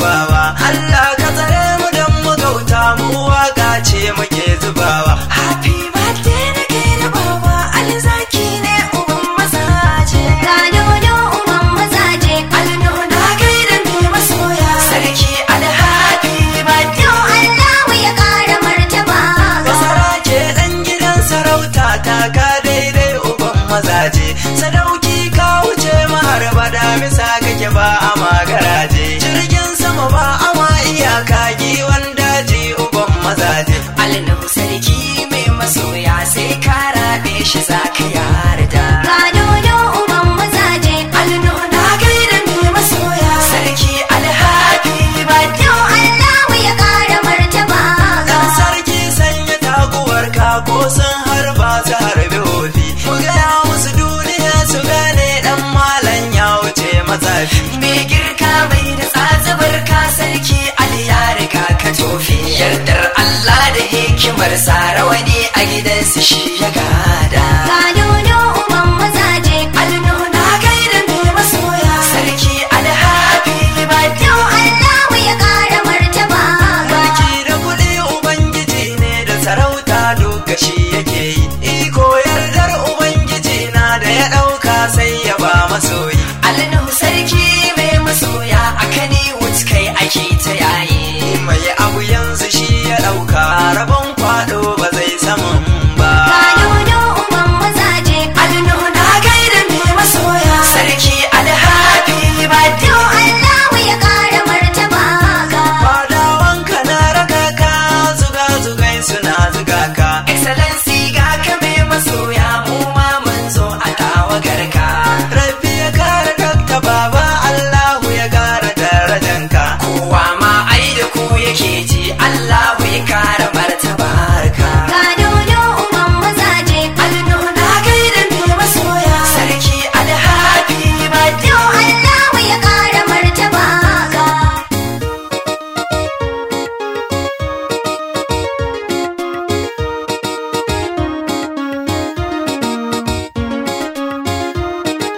ba bar sarawani a gidansu shi ya gada ka dodo uban mazaje alno na gaida mai masoya sarki alhafi ba yau allahu ya kara martaba ba da kuɗi ubangiji ne da sarauta lokaci yake kake ji